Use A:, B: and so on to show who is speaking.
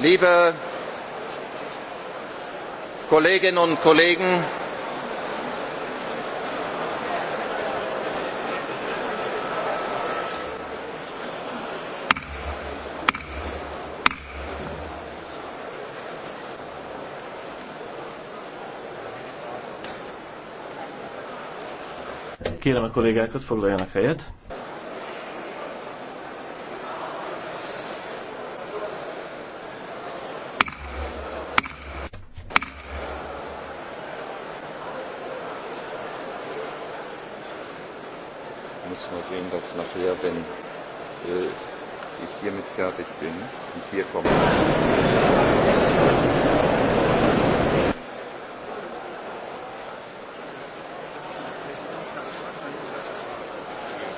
A: Liebe Kolleginnen und Kollegen,
B: Kérem a kollégákat, foglaljanak helyet.
C: muss nur sehen, dass nachher, wenn äh, ich hiermit fertig bin und hier komme.